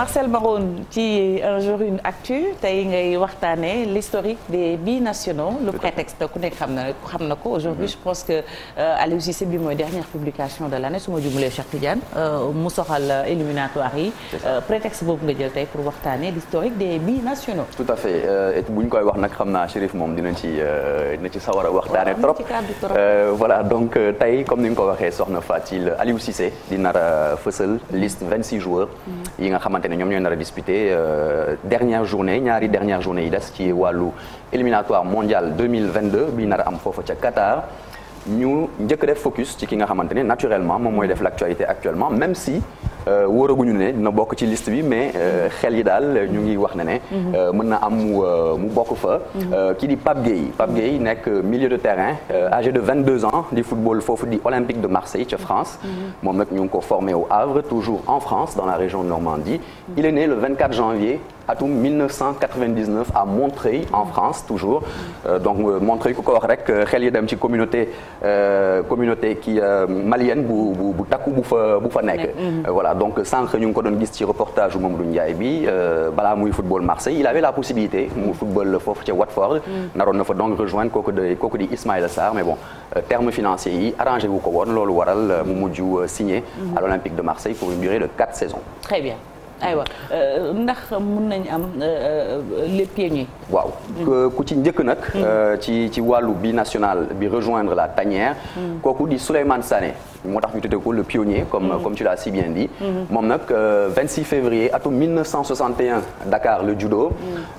Marcel Maron ci un jour une actu tey ngay waxtaanee l'historique des binationaux le prétexte ku nekk xam na xam na ko aujourd'hui je pense que euh, Aliou Cissé bi mooy dernière publication de l'année su ma jumulee Cheikh a euh, mu soxal la yi euh, prétexte boobu nga jël tey pour waxtaanee l'historique des binationaux tout à fait et bu ñu koy wax nag xam naa Chérif moom dina ci dina ci sawar a waxtaane trop voilà donc tey comme ni nga ko waxee soxna Fatil Aliou Cissé di nar a fësal liste 26 joueurs mm. yi nga xamante ne ñoom ñooy nar a disputé euh, dernière journée ñaari dernière journée yi des ci wàllu éliminatoire mondial 2022 bi nar a am foofa ca Qatar ñu njëkk def focus ci ki nga xamante ne naturellement moom mooy def l'actualité actuellement même si euh, wóoraguñu ne dina bokk ci liste bi mais euh, xel yi daal ñu ngi wax ne ne. Mhm. Euh, mën na am mu bokk fa. Mhm. ki di Pape Gueye Pape nekk milieu de terrain âgé de 22 di football foofu de Marseille ca France. Mhm. moom nag ñu ngi ko formé au Havre toujours en France dans la région de Normandie. il est né atum 1999 à Montreuil en France toujours euh, donc euh, Montreuil ku ko wax rek euh, xel yi dem ci communauté communauté ki malienne bu bu bu takku bu fa bu fa nekk. Mhm. voilà donc sànq ñu ngi ko doon gis ci reportage bu Mamadou Ndiaye bi balaa muy football Marseille il avait la possibilité mu football foofu ca Watford. Mm. naroon na fa donc rejoindre kooku de kooku di Ismaïla Sarr mais bon terme financier yi arrangé wu ko woon loolu waral mu mujj signé mm-hmm. à l'Olympique de Marseille pour une durée de quatre saisons. Très bien. aywa euh, ndax mun nañ am euh, euh, les pieds nus waaw ku ci njëkk nag mm. ci ci wàllu binational bi rejoindre la tanière mm. kooku di Souleymane Sané moo tax ñu tuddee ko le pionnier comme mm-hmm. comme tu l'as si bien dit mm-hmm. moom nag 26 euh, février atum 1961 Dakar mm-hmm.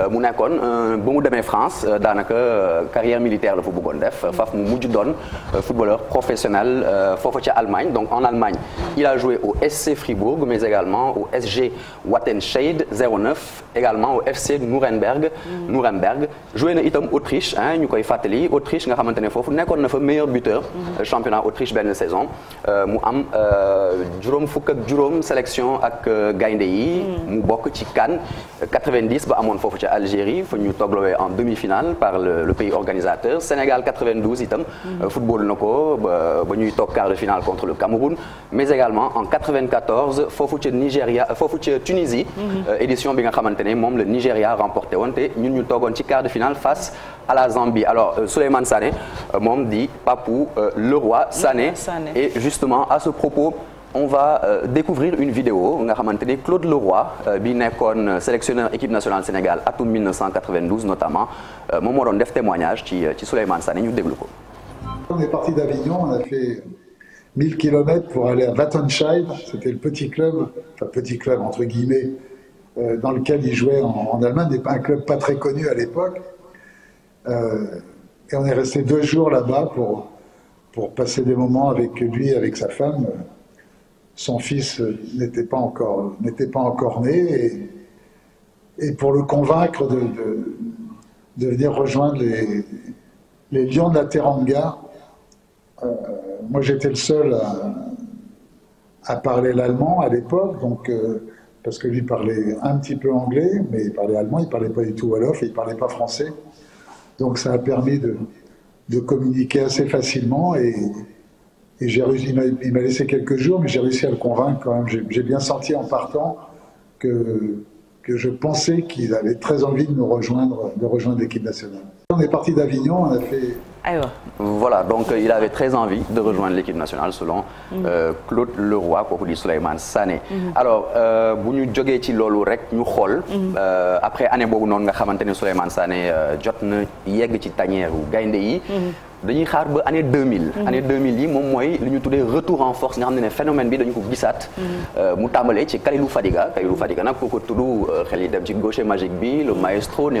euh, mu nekkoon euh, ba mu demee France daanaka carrière militaire la fa bëggoon def faf mujj doon footballeur professionnel foofa ca donc en Allemagne il a joué au SC Fribourg mais également au SG Wattenscheid 09 également au FC Nuremberg Nuremberg joué na itam Autriche ñu koy fàttali Autriche xamante ne foofu nekkoon na fa meilleur buteur championnat Autriche benn saison Euh, mu am euh, juróom fukk ak juróom sélection ak euh, gaynde yi. Hmm. mu bokk ci CAN 90 ba amoon foofu ca Algérie ñu toglowee en demi-finale par le, le pays organisateur Sénégal 92 itam. Hmm. football na ko ba ba ñuy toog quart de finale contre le Cameroun mais également en 94 hmm. bi nga xamante ne moom la Nigéria remporté woon ñu toogoon ci quart de finale face à la Zambie alors Souleymane Sané moom di Papou Leroy Sané et justement à ce va euh, découvrir une nga xamante ni Claude Leroy euh, bi nekkoon euh, sélectionneur équipe nationale Sénégal atum 1992 notamment euh, moom moo doon def témoignage ci euh, ci Souleymane Sané ko. on est a fait 1000 kilomètres pour aller à Wattenscheid c'était le petit club enfin petit club entre guillemets euh, pour passer des moments avec lui, avec sa femme. Son fils n'était pas encore, n'était pas encore né et, et pour le convaincre de, de, de venir rejoindre les, les, lions de la Teranga. Euh, moi, j'étais le seul à, à parler l'allemand à l'époque, donc euh, parce que lui parlait un petit peu anglais, mais il parlait allemand, il parlait pas du tout wolof, et il parlait pas français. Donc ça a permis de, de communiquer assez facilement et, et j'ai réussi, il m'a laissé quelques jours, mais j'ai réussi à le convaincre quand même. J'ai bien senti en partant que, que je pensais qu'il avait très envie de nous rejoindre, de rejoindre l'équipe nationale. On est parti d'Avignon, on a fait. Aywa. Ah voilà, donc euh, il avait très envie de rejoindre l'équipe nationale selon mhm. euh, Claude Leroy kooku di Souleymane Sané. Mhm. Euh, bu ñu jógee ci loolu rek ñu xool. Mhm. Euh, après année boobu noonu nga xamante ne Souleymane Sané euh, jot na yegg ci tanièru gaynde yi. dañuy xaar ba année 2000. année 2000 yi moom mooy li ñu retour en force nga xam ne ne phénomène bi dañu ko gisaat. mu tàmbalee ci Kalilou Fadiga Kalilou Fadiga nag ku ko tudd xel dem ci gaucher magique bi le maestro né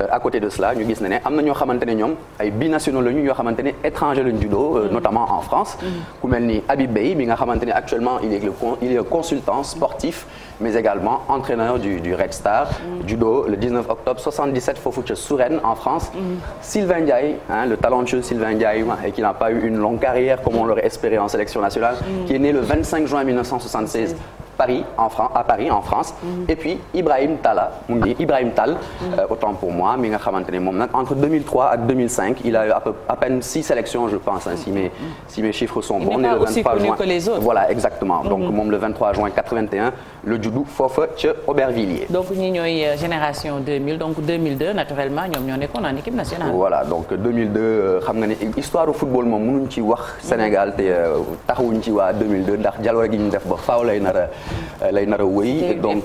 Euh, à côté de gis na ne am na ñoo xamante ne ñoom ay binationaux la ñu ñoo xamante ne étranger lañu juddoo euh, mm-hmm. notamment en mm-hmm. ni Habib Beye bi nga xamante ne mm-hmm. en France Sylvain Ndiaye le talentueux Sylvain Ndiaye et qui n'a pas eu une longue carrière comme on l'aurait Paris en France à Paris en France. Mhm. et puis mhm. euh, xamante ne moom nag entre le 23 juin les autres. voilà exactement donc mhm. moom le 23 juin 81 le juddu foofa ca Aubervilliers. donc ñi ñooy euh, génération ñoom ñoo nekkoon en équipe nationale. voilà donc 2002 euh, xam nga ne histoire ndax jaloore ñu def ba faaw lay nar lay nar a wëy donc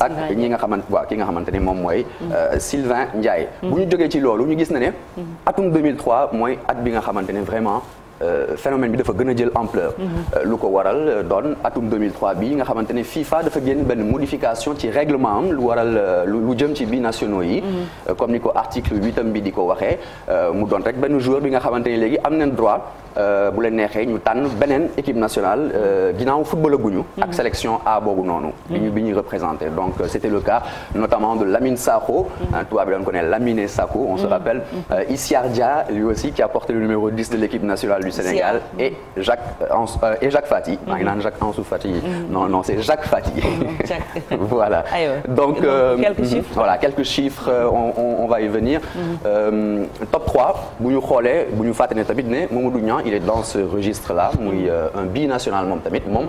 ak ñi nga xamante waaw ki nga xamante ni moom mooy euh, Sylvain Ndiaye mm-hmm. bu ñu jógee ci loolu ñu gis na ne mm-hmm. atum 2003 mooy at bi nga xamante ne vraiment Euh, phénomène bi dafa gën a jël ampleur. Mhm. Euh, lu ko waral euh, doon atum 2003 bi nga xamante ne FIFA dafa génn benn modification ci règlement am lu waral lu jëm ci bi nationaux yi. Mhm. comme ni ko article huitam bi di ko waxee mu doon rek benn joueur bi nga xamante ne léegi am nañ droit bu leen neexee ñu tànn beneen équipe nationale ginnaaw football guñu mhm. ak sélection A boobu noonu. bi ñu bi ñuy représenté donc c' était le cas notamment de Lamine Sakho. tubaab bi doon ko ne Lamine Sakho l' équipe nationale. du Sénégal et Jacques euh, et Jacques Fati. maa ngi naan Jacques Ansou Fati. Mm-hmm. non non c'est Jacques Fati. Mm-hmm. voilà ah, donc. Euh, quelques mm-hmm. chiffres voilà quelques chiffres euh, on, on, on va y venir. Euh, top 3 bu ñu xoolee bu ñu fàttali ne tamit ne Mamadou Niang il est dans ce registre là muy euh, un binational moom tamit moom.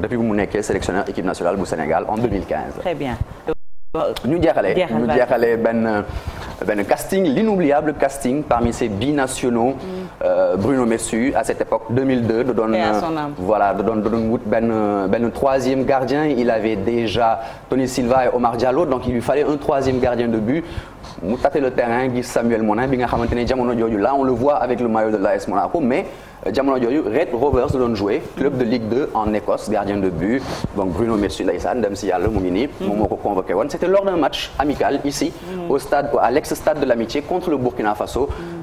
depuis bu mu nekkee sélectionneur équipe nationale bu Sénégal en 2015. très bien. ñu jeexalee ñu jeexalee benn benn casting l'inoubliable casting parmi ces binationaux mm. euh, Bruno Messu à cette époque 2002 da doon voilà da doon da doon wut benn benn troisième gardien il avait déjà Tony Silva et Omar Diallo donc il lui fallait un troisième gardien de but mu le terrain Samuel Monin bi nga xamante ne jamono jooju là on le voit avec le maillot de l'AS Monaco mais jamono jooju Red Rovers doon joué club de Ligue 2 en Écosse gardien de but donc Bruno Metsu ndeysaan ndem si yàlla mu ngi nii moom moo ko convoqué woon c'était lors d'un match amical ici au stade à l'ex-stade de l'Amitié contre le Burkina Faso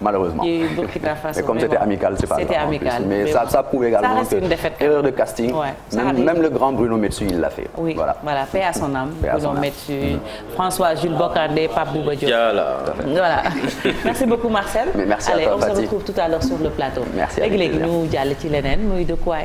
malheureusement. mais comme c'était amical c'est pas C'était amical mais ça prouve également erreur de casting. même le grand Bruno Metsu il l'a fait. oui voilà paix à son âme. Bruno Metsu François Jules Bocandé Pape Bouba voilà merci beaucoup Marcel. mais merci à on se retrouve tout à l'heure sur le plateau. merci à léegi léegi ñu jàll ci leneen muy de quoi